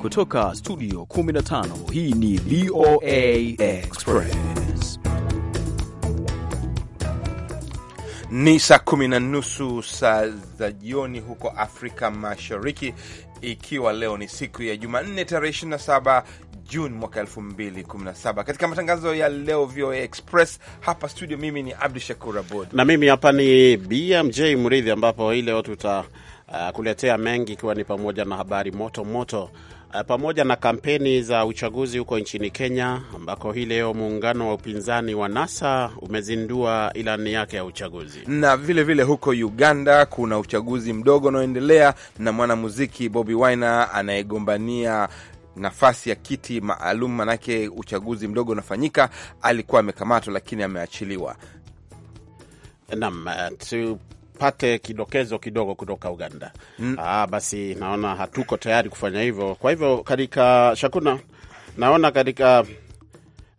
Kutoka studio 15 hii ni VOA Express. Ni saa kumi na nusu saa za jioni huko Afrika Mashariki, ikiwa leo ni siku ya Jumanne tarehe 27 Juni mwaka 2017. Katika matangazo ya leo VOA Express hapa studio, mimi ni Abdu Shakur Abod na mimi hapa ni BMJ Mridhi, ambapo hii leo tutakuletea uh, mengi, ikiwa ni pamoja na habari moto moto Eh, pamoja na kampeni za uchaguzi huko nchini Kenya ambako hii leo muungano wa upinzani wa NASA umezindua ilani yake ya uchaguzi. Na vilevile vile huko Uganda kuna uchaguzi mdogo unaoendelea na mwanamuziki Bobi Wine anayegombania nafasi ya kiti maalum, manake uchaguzi mdogo unafanyika. Alikuwa amekamatwa lakini ameachiliwa. Naam, eh, tupate kidokezo kidogo kutoka Uganda. Mm. Ah, basi naona hatuko tayari kufanya hivyo. Kwa hivyo katika Shakuna, naona katika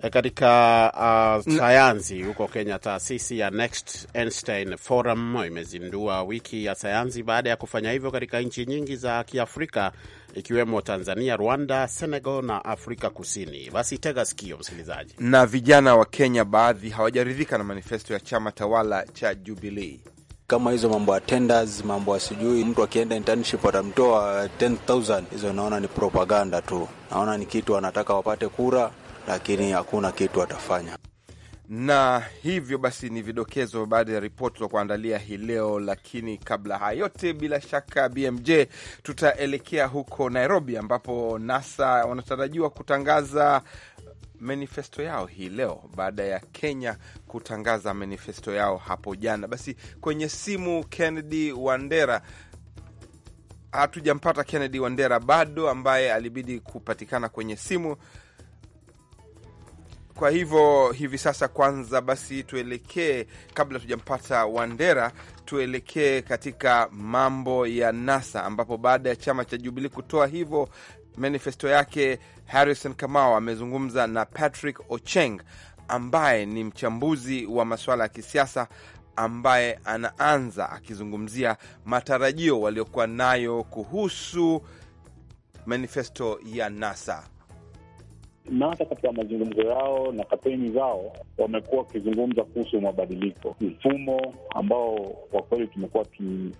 eh, katika uh, sayansi huko Kenya, taasisi ya Next Einstein Forum imezindua wiki ya sayansi baada ya kufanya hivyo katika nchi nyingi za Kiafrika ikiwemo Tanzania, Rwanda, Senegal na Afrika Kusini. Basi tega sikio, msikilizaji. Na vijana wa Kenya baadhi hawajaridhika na manifesto ya chama tawala cha Jubilee kama hizo mambo ya tenders, mambo ya sijui mtu akienda internship atamtoa 10000 hizo naona ni propaganda tu, naona ni kitu anataka wapate kura, lakini hakuna kitu atafanya na hivyo basi ni vidokezo baada ya ripoti za kuandalia hii leo. Lakini kabla haya yote, bila shaka BMJ, tutaelekea huko Nairobi ambapo NASA wanatarajiwa kutangaza manifesto yao hii leo baada ya Kenya kutangaza manifesto yao hapo jana. Basi kwenye simu Kennedy Wandera hatujampata Kennedy Wandera bado, ambaye alibidi kupatikana kwenye simu. Kwa hivyo hivi sasa, kwanza basi tuelekee, kabla tujampata Wandera, tuelekee katika mambo ya NASA, ambapo baada ya chama cha Jubilee kutoa hivyo manifesto yake, Harrison Kamau amezungumza na Patrick Ocheng ambaye ni mchambuzi wa masuala ya kisiasa ambaye anaanza akizungumzia matarajio waliokuwa nayo kuhusu manifesto ya NASA na hata katika mazungumzo yao na kampeni zao wamekuwa wakizungumza kuhusu mabadiliko mfumo ambao kwa kweli tumekuwa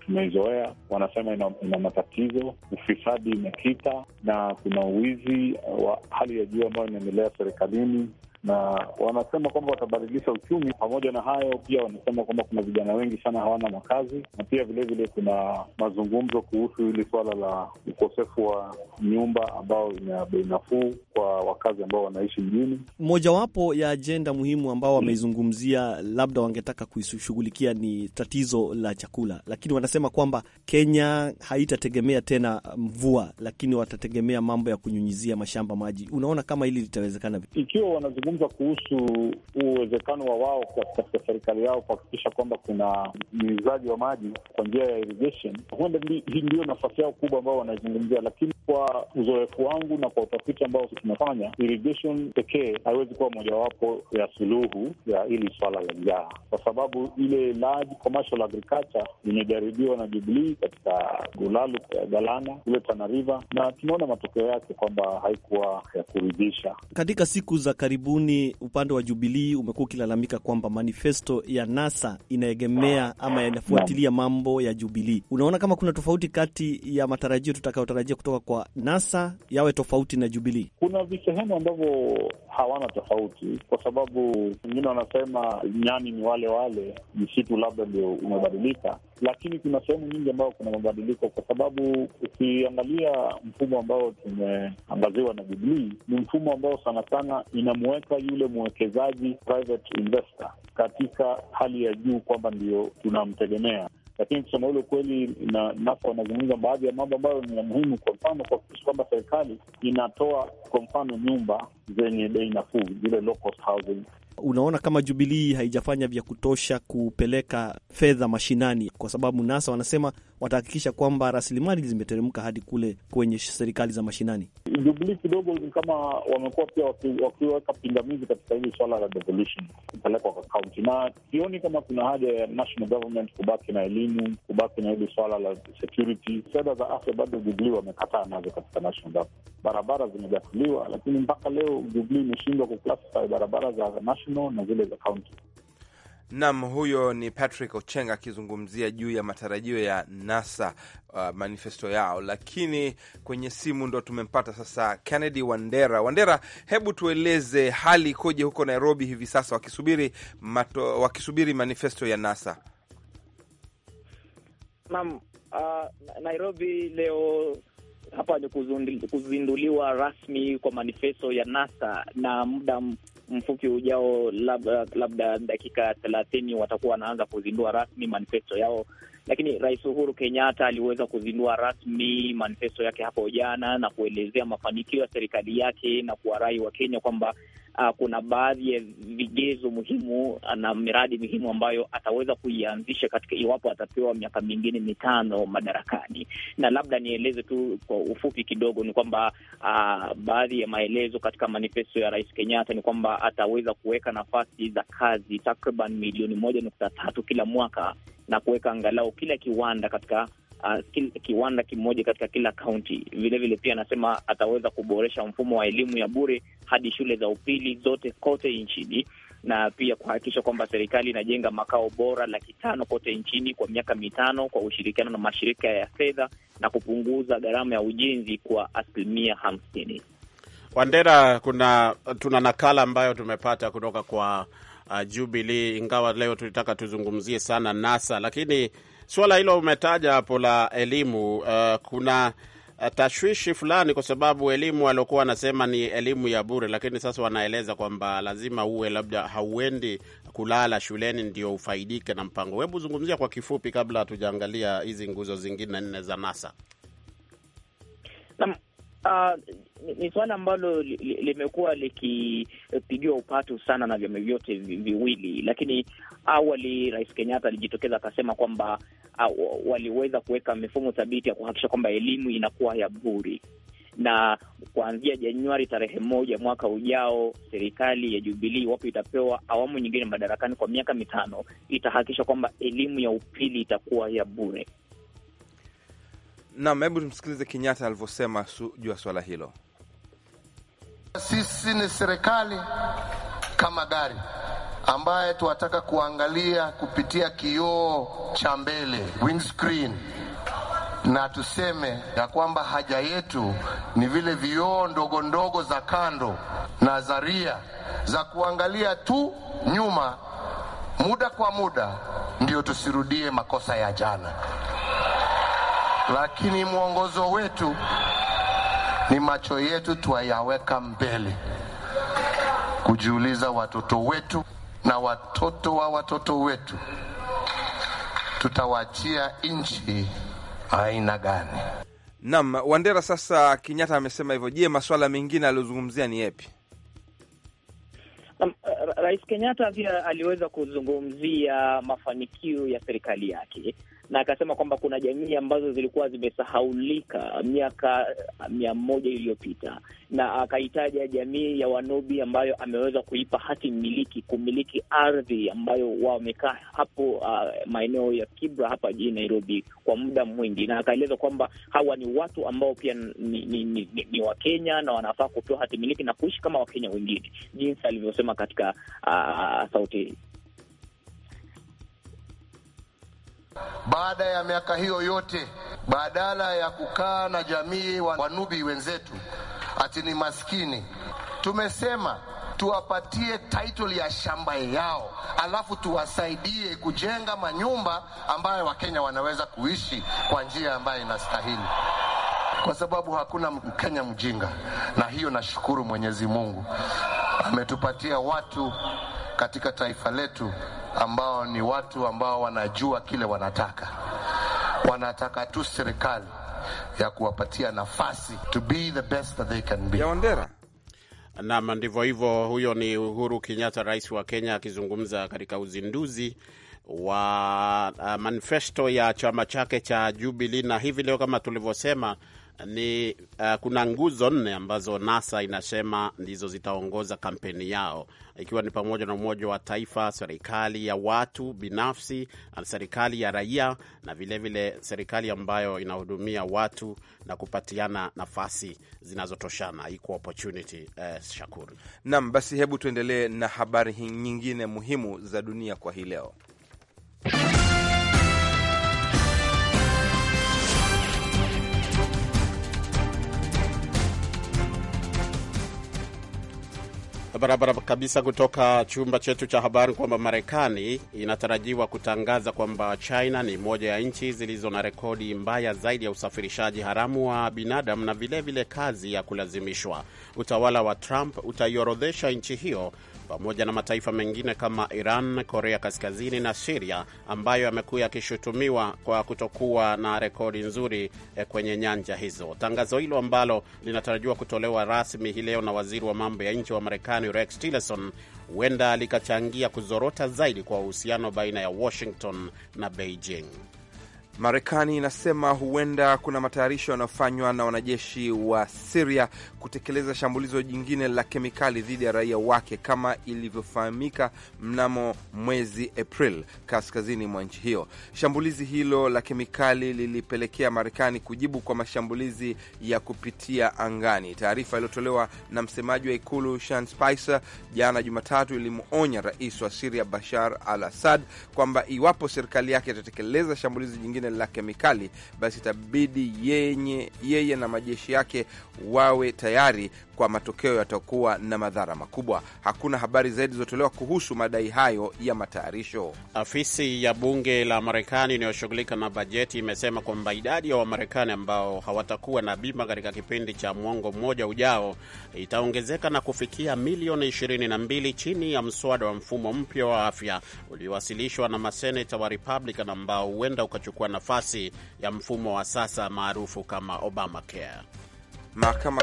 tumezoea. Wanasema ina, ina matatizo, ufisadi imekita na kuna uwizi wa hali ya juu ambayo inaendelea serikalini na wanasema kwamba watabadilisha uchumi. Pamoja na hayo, pia wanasema kwamba kuna vijana wengi sana hawana makazi, na pia vilevile kuna mazungumzo kuhusu hili suala la ukosefu wa nyumba ambao ina bei nafuu kwa wakazi ambao wanaishi mjini. Mojawapo ya ajenda muhimu ambao wameizungumzia, labda wangetaka kuishughulikia ni tatizo la chakula, lakini wanasema kwamba Kenya haitategemea tena mvua, lakini watategemea mambo ya kunyunyizia mashamba maji. Unaona kama hili litawezekana ikiwa wanazungumza amezungumza kuhusu uwezekano wa wao katika serikali yao kuhakikisha kwamba kuna unyunyizaji wa maji kwa njia ya irrigation. Huenda hii ndiyo nafasi yao kubwa ambao wanaizungumzia, lakini kwa uzoefu wangu na kwa utafiti ambao tunafanya, irrigation pekee haiwezi kuwa mojawapo ya suluhu ya hili swala la njaa, kwa sababu ile large commercial agriculture imejaribiwa na Jubilee katika Tulalu, Galana kule Tana River, na tumeona matokeo yake kwamba haikuwa ya kuridhisha. Katika siku za karibuni, upande wa Jubilii umekuwa ukilalamika kwamba manifesto ya NASA inaegemea ama yanafuatilia mambo ya Jubilii. Unaona kama kuna tofauti kati ya matarajio tutakayotarajia kutoka kwa NASA yawe tofauti na Jubilii? Kuna visehemu ambavyo hawana tofauti, kwa sababu wengine wanasema nyani ni wale wale, msitu labda ndio umebadilika lakini kuna sehemu nyingi ambayo kuna mabadiliko, kwa sababu ukiangalia mfumo ambao tumeangaziwa na Jubilii ni mfumo ambao sana sana inamuweka yule mwekezaji private investor katika hali ya juu, kwamba ndio tunamtegemea lakini kusema ule ukweli, na NASA wanazungumza baadhi ya mambo ambayo ni ya muhimu, kwa mfano kuhakikisha kwamba serikali inatoa kwa mfano nyumba zenye bei nafuu, zile low cost housing, unaona kama jubilii haijafanya vya kutosha kupeleka fedha mashinani, kwa sababu NASA wanasema watahakikisha kwamba rasilimali zimeteremka hadi kule kwenye serikali za mashinani. Jubilii kidogo ni kama wamekuwa pia wakiweka pingamizi katika hili swala la devolution kupelekwa kwa kaunti, na sioni kama kuna haja ya national government kubaki na elimu, kubaki na hili swala la security. Fedha za afya bado Jubilii wamekataa nazo katika national government. Barabara zimegatuliwa, lakini mpaka leo Jubilii imeshindwa kuclassify barabara za national na zile za kaunti. Nam, huyo ni Patrick Ochenga akizungumzia juu ya matarajio ya NASA uh, manifesto yao. Lakini kwenye simu ndo tumempata sasa Kennedy Wandera. Wandera, hebu tueleze hali ikoje huko Nairobi hivi sasa, wakisubiri mato, wakisubiri manifesto ya NASA? Nam, uh, Nairobi leo hapa ni kuzinduliwa rasmi kwa manifesto ya NASA na muda mfupi ujao, labda labda dakika thelathini watakuwa wanaanza kuzindua rasmi manifesto yao. Lakini Rais Uhuru Kenyatta aliweza kuzindua rasmi manifesto yake hapo jana na kuelezea mafanikio ya serikali yake na kuwarai Wakenya kwamba uh, kuna baadhi ya vigezo muhimu ah, na miradi muhimu ambayo ataweza kuianzisha katika iwapo atapewa miaka mingine mitano madarakani. Na labda nieleze tu kwa ufupi kidogo ni kwamba uh, baadhi ya maelezo katika manifesto ya Rais Kenyatta ni kwamba ataweza kuweka nafasi za kazi takriban milioni moja nukta tatu kila mwaka na kuweka angalau kila kiwanda katika uh, kiwanda kimoja katika kila kaunti. Vilevile pia anasema ataweza kuboresha mfumo wa elimu ya bure hadi shule za upili zote kote nchini na pia kuhakikisha kwamba serikali inajenga makao bora laki tano kote nchini kwa miaka mitano kwa ushirikiano na mashirika ya fedha na kupunguza gharama ya ujenzi kwa asilimia hamsini. Wandera, kuna tuna nakala ambayo tumepata kutoka kwa uh, Jubilee, ingawa leo tulitaka tuzungumzie sana NASA, lakini Suala hilo umetaja hapo la elimu, uh, kuna uh, tashwishi fulani kwa sababu elimu waliokuwa wanasema ni elimu ya bure, lakini sasa wanaeleza kwamba lazima uwe labda hauendi kulala shuleni ndio ufaidike na mpango. Hebu zungumzia kwa kifupi, kabla hatujaangalia hizi nguzo zingine nne za NASA. Uh, ni suala ambalo limekuwa li, li likipigiwa upatu sana na vyama vyote viwili, lakini awali Rais Kenyatta alijitokeza akasema kwamba uh, waliweza kuweka mifumo thabiti ya kuhakikisha kwamba elimu inakuwa ya bure, na kuanzia Januari tarehe moja mwaka ujao, serikali ya Jubilii iwapo itapewa awamu nyingine madarakani kwa miaka mitano, itahakikisha kwamba elimu ya upili itakuwa ya bure. Naam, hebu tumsikilize Kenyatta alivyosema juu ya swala hilo. Sisi ni serikali kama gari ambaye tunataka kuangalia kupitia kioo cha mbele windscreen, na tuseme ya kwamba haja yetu ni vile vioo ndogo ndogo za kando na zaria za kuangalia tu nyuma muda kwa muda, ndio tusirudie makosa ya jana lakini mwongozo wetu ni macho yetu twayaweka mbele, kujiuliza watoto wetu na watoto wa watoto wetu tutawachia nchi aina gani? Naam, Wandera. Sasa kinyatta amesema hivyo. Je, masuala mengine aliyozungumzia ni epi Rais Kenyatta pia aliweza kuzungumzia mafanikio ya serikali yake na akasema kwamba kuna jamii ambazo zilikuwa zimesahaulika miaka eh, mia moja iliyopita, na akahitaja jamii ya Wanobi ambayo ameweza kuipa hati miliki kumiliki ardhi ambayo wamekaa hapo uh, maeneo ya Kibra hapa jijini Nairobi kwa muda mwingi, na akaeleza kwamba hawa ni watu ambao pia ni, ni, ni, ni Wakenya na wanafaa kupewa hati miliki na kuishi kama Wakenya wengine, jinsi alivyosema katika Ah, sauti hii. Baada ya miaka hiyo yote, badala ya kukaa na jamii wanubi wenzetu ati ni maskini, tumesema tuwapatie title ya shamba yao, alafu tuwasaidie kujenga manyumba ambayo Wakenya wanaweza kuishi kwa njia ambayo inastahili kwa sababu hakuna Mkenya mjinga, na hiyo nashukuru Mwenyezi Mungu ametupatia watu katika taifa letu ambao ni watu ambao wanajua kile wanataka. Wanataka tu serikali ya kuwapatia nafasi to be the best that they can be. Yaondera. Nam, ndivyo hivyo. Huyo ni Uhuru Kenyatta, rais wa Kenya, akizungumza katika uzinduzi wa uh, manifesto ya chama chake cha Jubilee, na hivi leo kama tulivyosema ni uh, kuna nguzo nne ambazo NASA inasema ndizo zitaongoza kampeni yao ikiwa ni pamoja na Umoja wa Taifa, serikali ya watu binafsi, eh, serikali ya raia na vilevile vile serikali ambayo inahudumia watu na kupatiana nafasi zinazotoshana, equal opportunity. Eh, Shakuru. basi hebu tuendelee na habari nyingine muhimu za dunia kwa hii leo. barabara kabisa kutoka chumba chetu cha habari kwamba Marekani inatarajiwa kutangaza kwamba China ni moja ya nchi zilizo na rekodi mbaya zaidi ya usafirishaji haramu wa binadamu na vilevile vile kazi ya kulazimishwa. Utawala wa Trump utaiorodhesha nchi hiyo pamoja na mataifa mengine kama Iran, Korea Kaskazini na Siria ambayo yamekuwa yakishutumiwa kwa kutokuwa na rekodi nzuri eh, kwenye nyanja hizo. Tangazo hilo ambalo linatarajiwa kutolewa rasmi hii leo na waziri wa mambo ya nje wa Marekani Rex Tillerson huenda likachangia kuzorota zaidi kwa uhusiano baina ya Washington na Beijing. Marekani inasema huenda kuna matayarisho yanayofanywa na wanajeshi wa Siria kutekeleza shambulizo jingine la kemikali dhidi ya raia wake kama ilivyofahamika mnamo mwezi april kaskazini mwa nchi hiyo. Shambulizi hilo la kemikali lilipelekea Marekani kujibu kwa mashambulizi ya kupitia angani. Taarifa iliyotolewa na msemaji wa ikulu Sean Spicer jana Jumatatu ilimwonya rais wa Siria Bashar al Assad kwamba iwapo serikali yake itatekeleza shambulizi jingine la kemikali, basi itabidi yenye, yeye na majeshi yake wawe tayari kwa matokeo yatakuwa na madhara makubwa. Hakuna habari zaidi zilizotolewa kuhusu madai hayo ya matayarisho. Afisi ya bunge la Marekani inayoshughulika na bajeti imesema kwamba idadi ya Wamarekani ambao hawatakuwa na bima katika kipindi cha mwongo mmoja ujao itaongezeka na kufikia milioni 22 chini ya mswada wa mfumo mpya wa afya uliowasilishwa na maseneta wa Republican ambao huenda ukachukua nafasi ya mfumo wa sasa maarufu kama Obamacare. Mahakama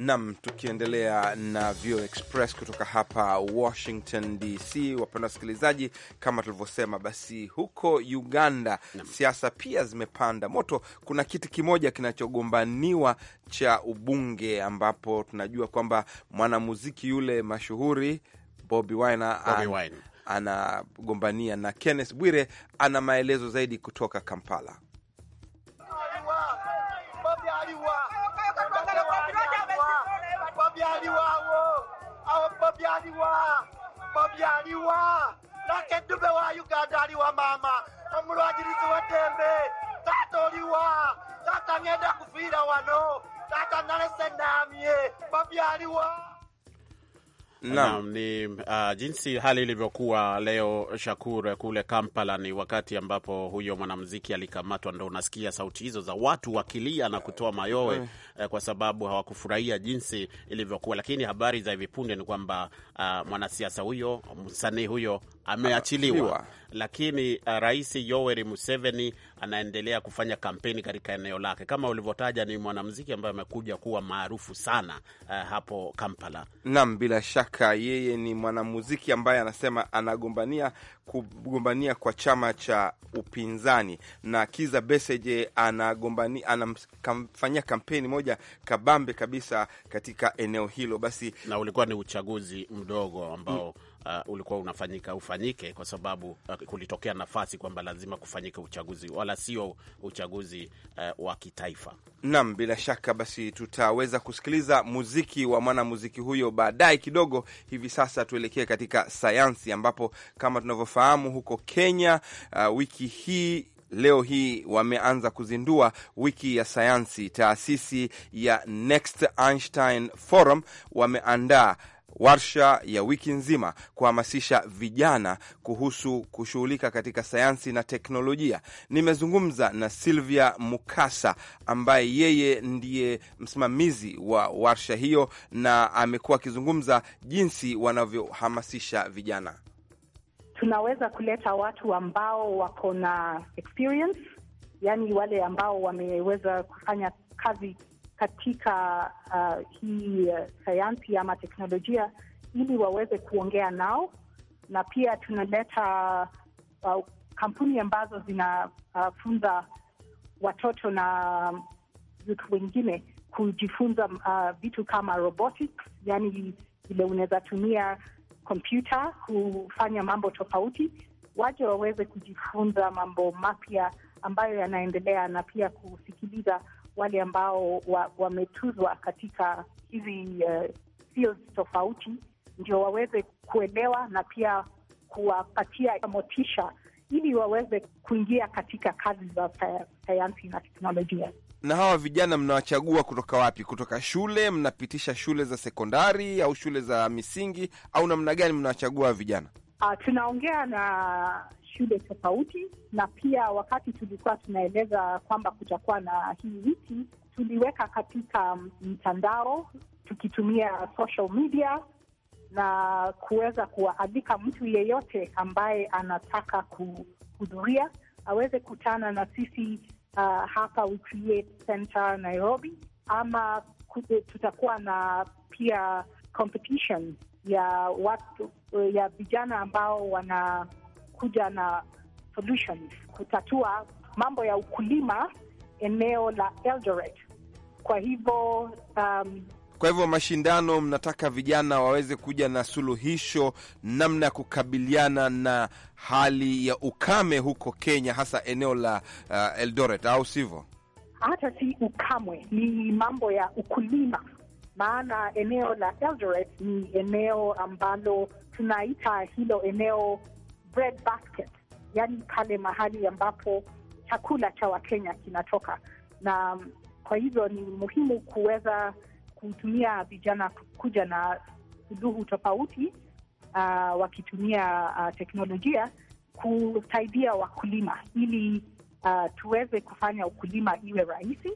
Nam, tukiendelea na Vio Express kutoka hapa Washington DC. Wapenda wasikilizaji, kama tulivyosema, basi huko Uganda siasa pia zimepanda moto. Kuna kiti kimoja kinachogombaniwa cha ubunge, ambapo tunajua kwamba mwanamuziki yule mashuhuri Bobi Wine anagombania, na Kenneth Bwire ana maelezo zaidi kutoka Kampala. babyaliwa babyaliwa nakedube wa uganda aliwa maama omulwagirizi w'eddembe taata oliwa taata ngenda kufiira wano taata nalese naamye babyaliwa Naam, ni uh, jinsi hali ilivyokuwa leo Shakur, kule Kampala, ni wakati ambapo huyo mwanamuziki alikamatwa, ndo unasikia sauti hizo za watu wakilia na kutoa mayowe mm, eh, kwa sababu hawakufurahia jinsi ilivyokuwa. Lakini habari za hivi punde ni kwamba uh, mwanasiasa huyo msanii huyo ameachiliwa lakini uh, Rais Yoweri Museveni anaendelea kufanya kampeni katika eneo lake. Kama ulivyotaja, ni mwanamuziki ambaye amekuja kuwa maarufu sana uh, hapo Kampala. Naam, bila shaka yeye ni mwanamuziki ambaye anasema anagombania kugombania kwa chama cha upinzani, na Kiza Beseje anagombania anamfanyia kampeni moja kabambe kabisa katika eneo hilo. Basi na ulikuwa ni uchaguzi mdogo ambao mm uh, ulikuwa unafanyika ufanyike kwa sababu uh, kulitokea nafasi kwamba lazima kufanyika uchaguzi, wala sio uchaguzi uh, wa kitaifa. Naam, bila shaka basi tutaweza kusikiliza muziki wa mwanamuziki huyo baadaye kidogo. Hivi sasa tuelekee katika sayansi, ambapo kama tunavyofahamu huko Kenya uh, wiki hii leo hii wameanza kuzindua wiki ya sayansi. Taasisi ya Next Einstein Forum wameandaa warsha ya wiki nzima kuhamasisha vijana kuhusu kushughulika katika sayansi na teknolojia. Nimezungumza na Silvia Mukasa ambaye yeye ndiye msimamizi wa warsha hiyo, na amekuwa akizungumza jinsi wanavyohamasisha vijana. Tunaweza kuleta watu ambao wako na experience, yani wale ambao wameweza kufanya kazi katika uh, hii uh, sayansi ama teknolojia ili waweze kuongea nao, na pia tunaleta uh, kampuni ambazo zinafunza uh, watoto na watu wengine kujifunza uh, vitu kama robotics, yani vile unaweza tumia kompyuta kufanya mambo tofauti, waje waweze kujifunza mambo mapya ambayo yanaendelea na pia kusikiliza wale ambao wametuzwa wa katika hizi uh, fields tofauti, ndio waweze kuelewa na pia kuwapatia motisha ili waweze kuingia katika kazi za sayansi na teknolojia. Na hawa vijana mnawachagua kutoka wapi? Kutoka shule? Mnapitisha shule za sekondari au shule za misingi au namna gani mnawachagua vijana? Uh, tunaongea na shule tofauti, na pia wakati tulikuwa tunaeleza kwamba kutakuwa na hii wiki, tuliweka katika mm, mtandao tukitumia social media na kuweza kuwaalika mtu yeyote ambaye anataka kuhudhuria aweze kutana na sisi uh, hapa We Create Center Nairobi, ama tutakuwa na pia competition ya watu ya vijana ambao wana kuja na solutions kutatua mambo ya ukulima eneo la Eldoret. Kwa hivyo um, kwa hivyo mashindano, mnataka vijana waweze kuja na suluhisho namna ya kukabiliana na hali ya ukame huko Kenya, hasa eneo la uh, Eldoret, au sivyo? Hata si ukamwe, ni mambo ya ukulima, maana eneo la Eldoret ni eneo ambalo tunaita hilo eneo bread basket, yani pale mahali ambapo chakula cha Wakenya kinatoka, na um, kwa hivyo ni muhimu kuweza kutumia vijana kuja na suluhu tofauti uh, wakitumia uh, teknolojia kusaidia wakulima ili uh, tuweze kufanya ukulima iwe rahisi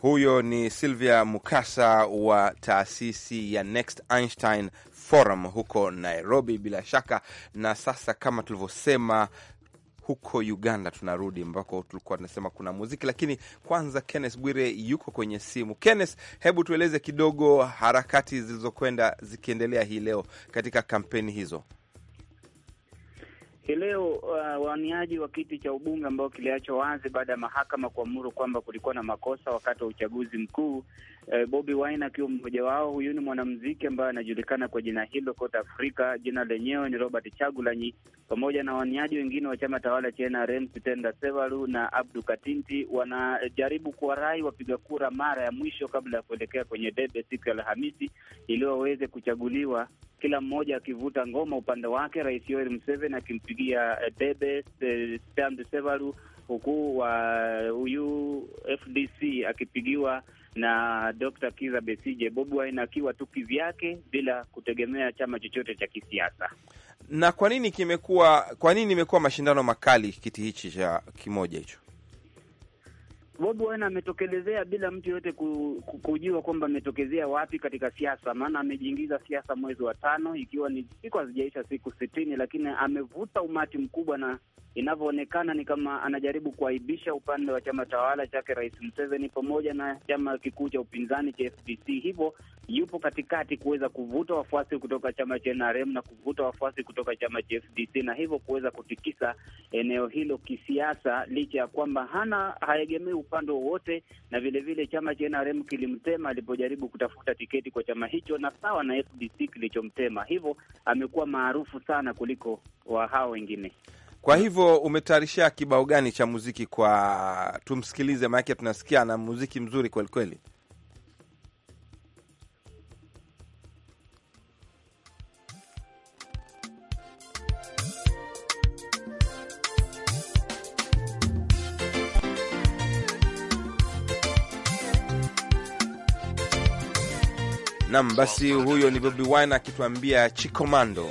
huyo ni Silvia Mukasa wa taasisi ya Next Einstein Forum huko Nairobi, bila shaka. Na sasa kama tulivyosema huko Uganda tunarudi ambako tulikuwa tunasema kuna muziki, lakini kwanza Kenneth Bwire yuko kwenye simu. Kenneth, hebu tueleze kidogo harakati zilizokwenda zikiendelea hii leo katika kampeni hizo leo uh, waaniaji wa kiti cha ubunge ambao kiliachwa wazi baada ya mahakama kuamuru kwamba kulikuwa na makosa wakati wa uchaguzi mkuu eh, Bobi Wine akiwa mmoja wao. Huyu ni mwanamuziki ambaye anajulikana kwa jina hilo kote Afrika. Jina lenyewe ni Robert Chagulanyi, pamoja na waaniaji wengine wa chama tawala cha NRM Sitenda Sevalu na Abdu Katinti, wanajaribu kuwarai wapiga kura mara ya mwisho kabla ya kuelekea kwenye debe siku ya Alhamisi ili waweze kuchaguliwa kila mmoja akivuta ngoma upande wake, Rais Yoweri Museveni akimpigia eh, debe eh, Stanley Sebaru, huku wa huyu FDC akipigiwa na Dr. Kiza Besije, Bobi Wine akiwa tu kivyake bila kutegemea chama chochote cha kisiasa. Na kwa nini kimekuwa, kwa nini imekuwa mashindano makali kiti hichi cha kimoja hicho? Bobi Wine ametokelezea bila mtu yoyote kujua kwamba ametokezea wapi katika siasa, maana amejiingiza siasa mwezi wa tano, ikiwa ni siku hazijaisha siku sitini, lakini amevuta umati mkubwa na inavyoonekana ni kama anajaribu kuaibisha upande wa chama tawala chake Rais Museveni pamoja na chama kikuu cha upinzani cha FDC. Hivyo yupo katikati kuweza kuvuta wafuasi kutoka chama cha NRM na kuvuta wafuasi kutoka chama cha FDC na hivyo kuweza kutikisa eneo hilo kisiasa, licha ya kwamba hana haegemei upande wowote, na vilevile vile chama cha NRM kilimtema alipojaribu kutafuta tiketi kwa chama hicho, na sawa na FDC kilichomtema. Hivyo amekuwa maarufu sana kuliko wa hao wengine. Kwa hivyo umetayarisha kibao gani cha muziki kwa tumsikilize? Maanake tunasikia na muziki mzuri kwelikweli. Nam, basi huyo ni Bobi Wine akituambia Chikomando.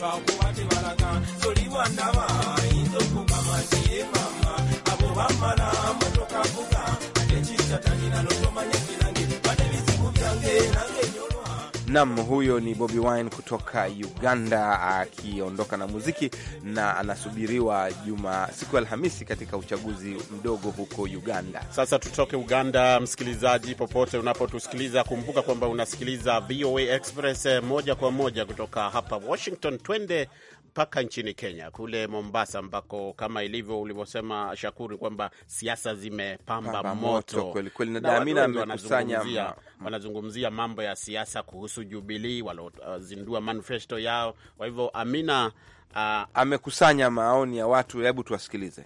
bakubate balaga solibwa ye maama abo bamala motoka vuga ate kisatanira notomanya kirange bate Nam, huyo ni Bobi Wine kutoka Uganda akiondoka na muziki na anasubiriwa juma siku ya Alhamisi katika uchaguzi mdogo huko Uganda. Sasa tutoke Uganda, msikilizaji, popote unapotusikiliza, kumbuka kwamba unasikiliza VOA Express eh, moja kwa moja kutoka hapa Washington. Twende mpaka nchini Kenya kule Mombasa, ambako kama ilivyo ulivyosema Shakuri kwamba siasa zimepamba motowanazungumzia moto kweli kweli, na Damina amekusanya wanazungumzia mambo ya siasa kuhusu Jubilii waliozindua manifesto yao. Kwa hivyo Amina uh, amekusanya maoni ya watu, hebu tuwasikilize.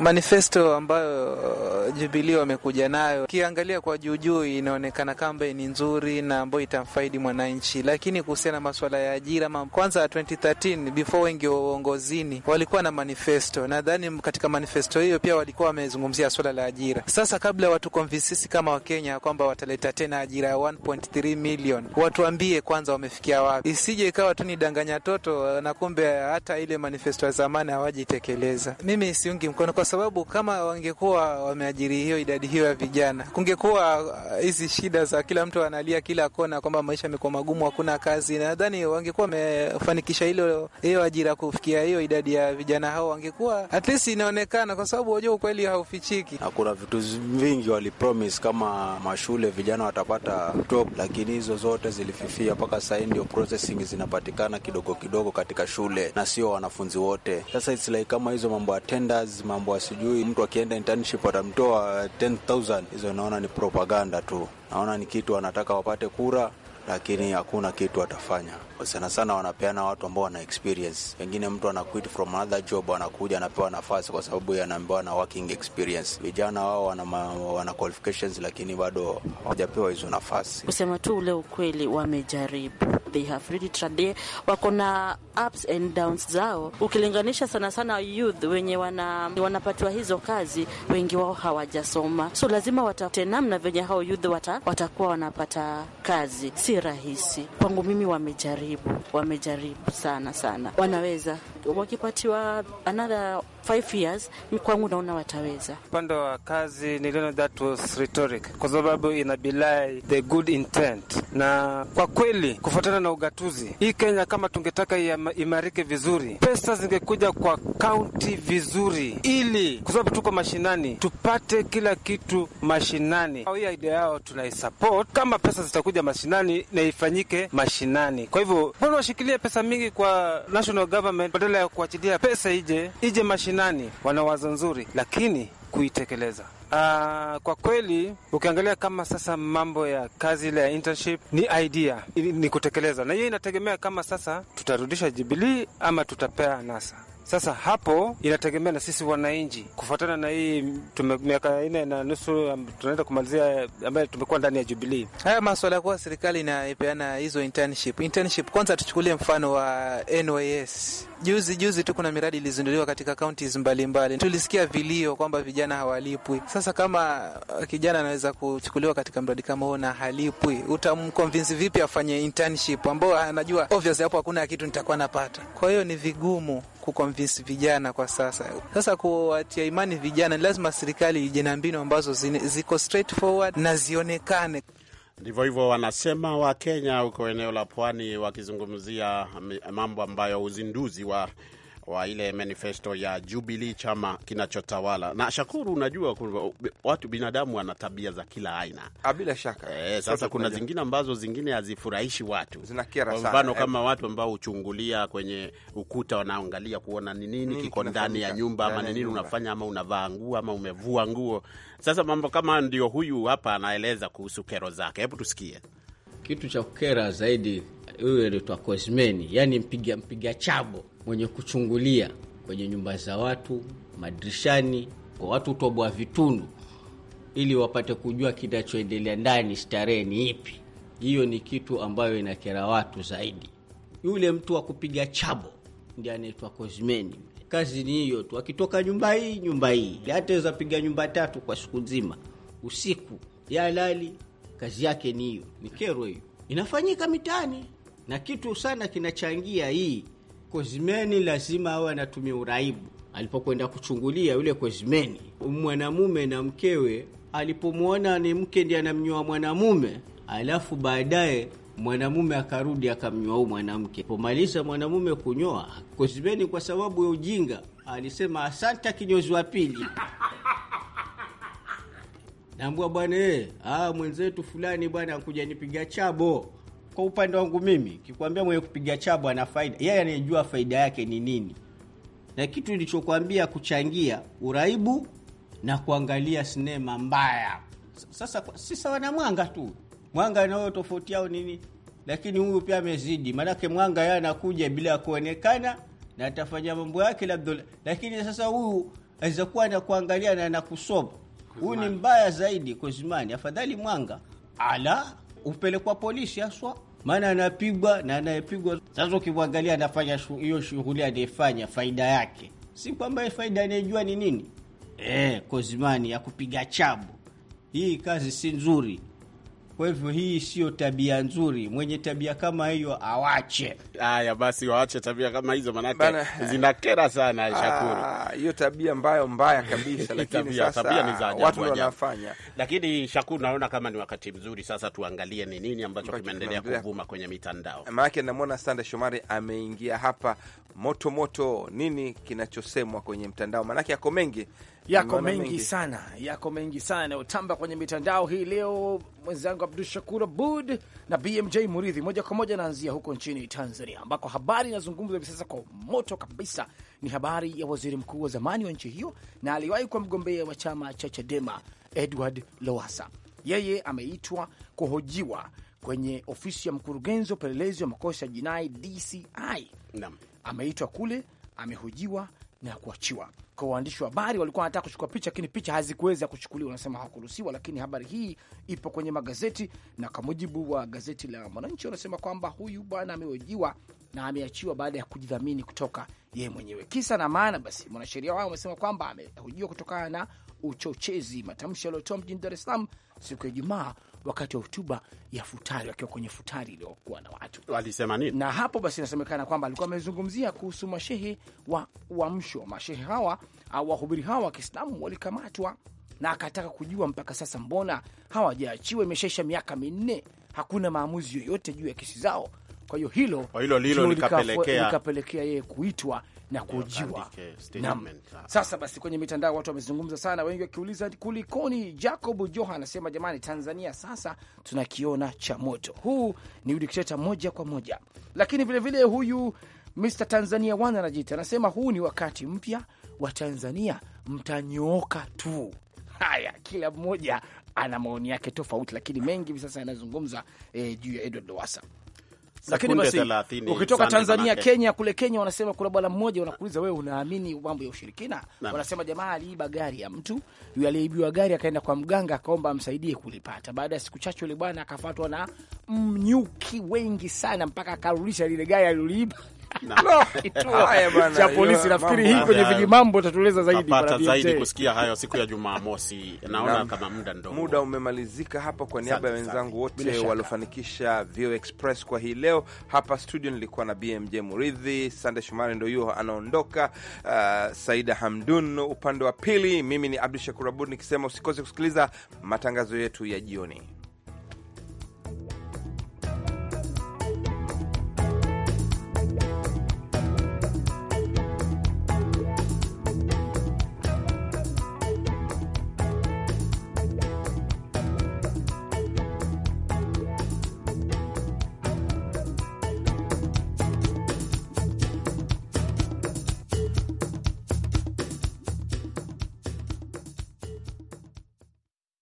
Manifesto ambayo uh, Jubilii wamekuja nayo, ukiangalia kwa juujuu, inaonekana kamba ni nzuri na ambayo itamfaidi mwananchi, lakini kuhusiana na masuala ya ajira, kwanza 2013 before wengi wa uongozini walikuwa na manifesto. Nadhani katika manifesto hiyo pia walikuwa wamezungumzia swala la ajira. Sasa kabla watu konvinsisi kama Wakenya kwamba wataleta tena ajira ya 1.3 million, watuambie kwanza wamefikia wapi, isije ikawa tu ni danganya toto uh, na kumbe hata ile manifesto ya zamani hawajitekeleza. Mimi siungi mkono kwa sababu kama wangekuwa wameajiri hiyo idadi hiyo ya vijana, kungekuwa uh, hizi shida za kila mtu analia kila kona kwamba maisha yamekuwa magumu, hakuna kazi. Nadhani wangekuwa wamefanikisha hilo, hiyo ajira kufikia hiyo idadi ya vijana hao, wangekuwa at least inaonekana, kwa sababu wajua ukweli haufichiki. Kuna vitu vingi walipromise kama mashule vijana watapata top, lakini hizo zote zilififia mpaka sahii, ndio processing zinapatikana kidogo kidogo katika shule na sio wanafunzi wote. Sasa it's like kama hizo mambo ya tenders, mambo sijui mtu akienda internship atamtoa 10000 hizo naona ni propaganda tu, naona ni kitu anataka wapate kura lakini hakuna kitu watafanya. Sana sana wanapeana watu ambao wana experience. Pengine mtu anaquit from another job, anakuja anapewa nafasi kwa sababu anaambiwa na working experience. Vijana wao wana, wana qualifications, lakini bado hawajapewa hizo nafasi. Kusema tu ule ukweli, wamejaribu they have really tried, wako na ups and downs zao, ukilinganisha sana sana youth wenye wana wanapatiwa hizo kazi, wengi wao hawajasoma, so lazima watafute namna venye hao youth wata, watakuwa wanapata kazi. Si rahisi kwangu mimi, wamejaribu wamejaribu sana sana, wanaweza wakipatiwa another five years, mi naona wataweza. Upande wa kazi niliona that was rhetoric, kwa sababu ina bilai the good intent, na kwa kweli kufuatana na ugatuzi hii Kenya, kama tungetaka imarike vizuri, pesa zingekuja kwa kaunti vizuri, ili kwa sababu tuko mashinani tupate kila kitu mashinani. Hii idea yao tunaisupport, kama pesa zitakuja mashinani na ifanyike mashinani. Kwa hivyo mbona washikilie pesa mingi kwa national government? badala ya kuachilia pesa ije ije mashinani, wana wazo nzuri, lakini kuitekeleza Aa, ah, kwa kweli ukiangalia kama sasa mambo ya kazi ile ya internship ni idea ni kutekeleza, na hiyo inategemea kama sasa tutarudisha Jubilee ama tutapea NASA. Sasa hapo inategemea na sisi wananchi, kufuatana na hii miaka nne na nusu tunaenda kumalizia, ambayo tumekuwa ndani ya Jubilii. Haya maswala ya kuwa serikali inapeana hizo internship. Internship kwanza, tuchukulie mfano wa NYS. Juzi juzi tu kuna miradi ilizinduliwa katika kaunti mbalimbali, tulisikia vilio kwamba vijana hawalipwi. Sasa kama uh, kijana anaweza kuchukuliwa katika mradi kama huo na halipwi, utamkonvinsi vipi afanye internship ambao anajua obviously hapo hakuna kitu nitakuwa napata? Kwa hiyo ni vigumu kukonvinsi vijana kwa sasa. Sasa kuwatia imani vijana, ni lazima serikali ije na mbinu ambazo ziko straightforward na zionekane. Ndivyo hivyo wanasema Wakenya huko eneo la pwani wakizungumzia mambo ambayo uzinduzi wa wa ile manifesto ya Jubilee, chama kinachotawala. Na Shakuru, unajua watu binadamu wana tabia za kila aina, ah, bila shaka e. Sasa kuna tunajua, zingine ambazo zingine hazifurahishi watu, kwa mfano eh. kama watu ambao huchungulia kwenye ukuta, wanaangalia kuona ni nini kiko ndani ya nyumba ama ni eh, nini unafanya ama unavaa nguo ama umevua nguo. Sasa mambo kama ndio, huyu hapa anaeleza kuhusu kero zake, hebu tusikie. Kitu cha kukera zaidi huyu alitwa Kosmeni, yani mpiga mpiga chabo mwenye kuchungulia kwenye nyumba za watu, madirishani, kwa watu hutoboa vitundu ili wapate kujua kinachoendelea ndani, starehe ni ipi. Hiyo ni kitu ambayo inakera watu zaidi. Yule mtu wa kupiga chabo ndiye anaitwa Kozmeni. Kazi ni hiyo tu, akitoka nyumba hii nyumba hii, hata piga nyumba tatu kwa siku nzima, usiku lali. kazi yake ni hiyo. Ni kero hiyo, inafanyika mitaani na kitu sana kinachangia hii Kozimeni lazima awe anatumia uraibu. Alipokwenda kuchungulia yule Kozimeni, mwanamume na mkewe, alipomwona ni mke ndiye anamnyoa mwanamume, alafu baadaye mwanamume akarudi akamnyoa huyu mwanamke. Pomaliza mwanamume kunyoa Kozimeni, kwa sababu ya ujinga alisema asante, kinyozi wa pili naambua bwana, eh, ah, mwenzetu fulani bwana akuja nipiga chabo kwa upande wangu mimi, kikwambia mwenye kupiga chabu ana faida, yeye anayejua faida yake ni nini, na kitu nilichokwambia kuchangia uraibu na kuangalia sinema mbaya. Sasa si sawa na Mwanga tu, Mwanga nao tofauti yao nini? Lakini huyu pia amezidi, maanake Mwanga yeye anakuja bila ya kuonekana na atafanya mambo yake labda, lakini sasa huyu aweza kuwa kuangalia na nakusoma Huyu ni mbaya zaidi. Kozimani afadhali Mwanga ala upelekwa polisi haswa maana anapigwa na anayepigwa. Sasa ukimwangalia anafanya hiyo shughuli anayefanya, faida yake si kwamba faida anayejua ni nini. E, Kozimani ya kupiga chabu, hii kazi si nzuri. Kwa hivyo hii siyo tabia nzuri, mwenye tabia kama hiyo awache. Haya basi, waache tabia kama hizo, maanake zinakera sana. Ah, Shakuru, hiyo tabia mbayo mbaya kabisa lakini tabia, sasa tabia ni za watu wanafanya. Lakini Shakuru, naona kama ni wakati mzuri sasa tuangalie ni nini ambacho kimeendelea kuvuma kwenye mitandao, maanake namwona Sande Shomari ameingia hapa moto moto, nini kinachosemwa kwenye mtandao? Maanake yako mengi, yako mengi, mengi sana, yako mengi sana yanayotamba kwenye mitandao hii leo. Mwenzangu Abdu Shakur Abud na BMJ Muridhi, moja kwa moja naanzia huko nchini Tanzania, ambako habari inazungumzwa hivi sasa kwa moto kabisa ni habari ya waziri mkuu wa zamani wa nchi hiyo na aliwahi kuwa mgombea wa chama cha Chadema Edward lowasa Yeye ameitwa kuhojiwa kwenye ofisi ya mkurugenzi wa upelelezi wa makosa ya jinai DCI. Naam ameitwa kule, amehojiwa na kuachiwa. Kwa waandishi wa habari walikuwa wanataka kuchukua picha, lakini picha hazikuweza kuchukuliwa, wanasema hawakuruhusiwa. Lakini habari hii ipo kwenye magazeti, na kwa mujibu wa gazeti la Mwananchi wanasema kwamba huyu bwana amehojiwa na ameachiwa baada ya kujidhamini kutoka yeye mwenyewe. Kisa na maana, basi mwanasheria wao amesema kwamba amehojiwa kutokana na uchochezi, matamshi aliyotoa mjini Dar es Salaam siku ya Ijumaa wakati wa hotuba ya futari, akiwa kwenye futari iliyokuwa na watu. nini? Na hapo basi inasemekana kwamba alikuwa amezungumzia kuhusu mashehe wa uamsho. Mashehe hawa au wahubiri hawa wa Kiislamu walikamatwa na akataka kujua mpaka sasa mbona hawajaachiwa, imeshaisha miaka minne, hakuna maamuzi yoyote juu ya kesi zao. Kwa hiyo hilo hilo likapelekea yeye kuitwa na kuojiwa. sasa basi, kwenye mitandao watu wamezungumza sana, wengi wakiuliza kulikoni. Jacob Joha anasema jamani, Tanzania sasa tunakiona cha moto, huu ni udikteta moja kwa moja. Lakini vilevile vile huyu Mr Tanzania wana anajiita anasema huu ni wakati mpya wa Tanzania, mtanyooka tu. Haya, kila mmoja ana maoni yake tofauti, lakini mengi hivi sasa yanazungumza eh, juu ya Edward Lowassa lakini basi ukitoka Tanzania, Kenya, kule Kenya wanasema kuna bwana mmoja wanakuuliza wewe, unaamini mambo ya ushirikina? Wanasema jamaa aliiba gari ya mtu yule, aliibiwa gari akaenda kwa mganga akaomba amsaidie kulipata. Baada ya siku chache, yule bwana akafatwa na mnyuki wengi sana mpaka akarudisha lile gari aliloliiba cha polisi. Nafikiri hii kwenye mambo tatueleza zaidi, pata zaidi kusikia hayo siku ya Jumamosi. Naona kama muda ndogo, muda umemalizika hapa. Kwa niaba ya wenzangu wote waliofanikisha Vio Express kwa hii leo, hapa studio nilikuwa na BMJ Muridhi, Sande Shumari ndo yuo anaondoka, uh, Saida Hamdun upande wa pili. Mimi ni Abdu Shakur Abud nikisema usikose kusikiliza matangazo yetu ya jioni.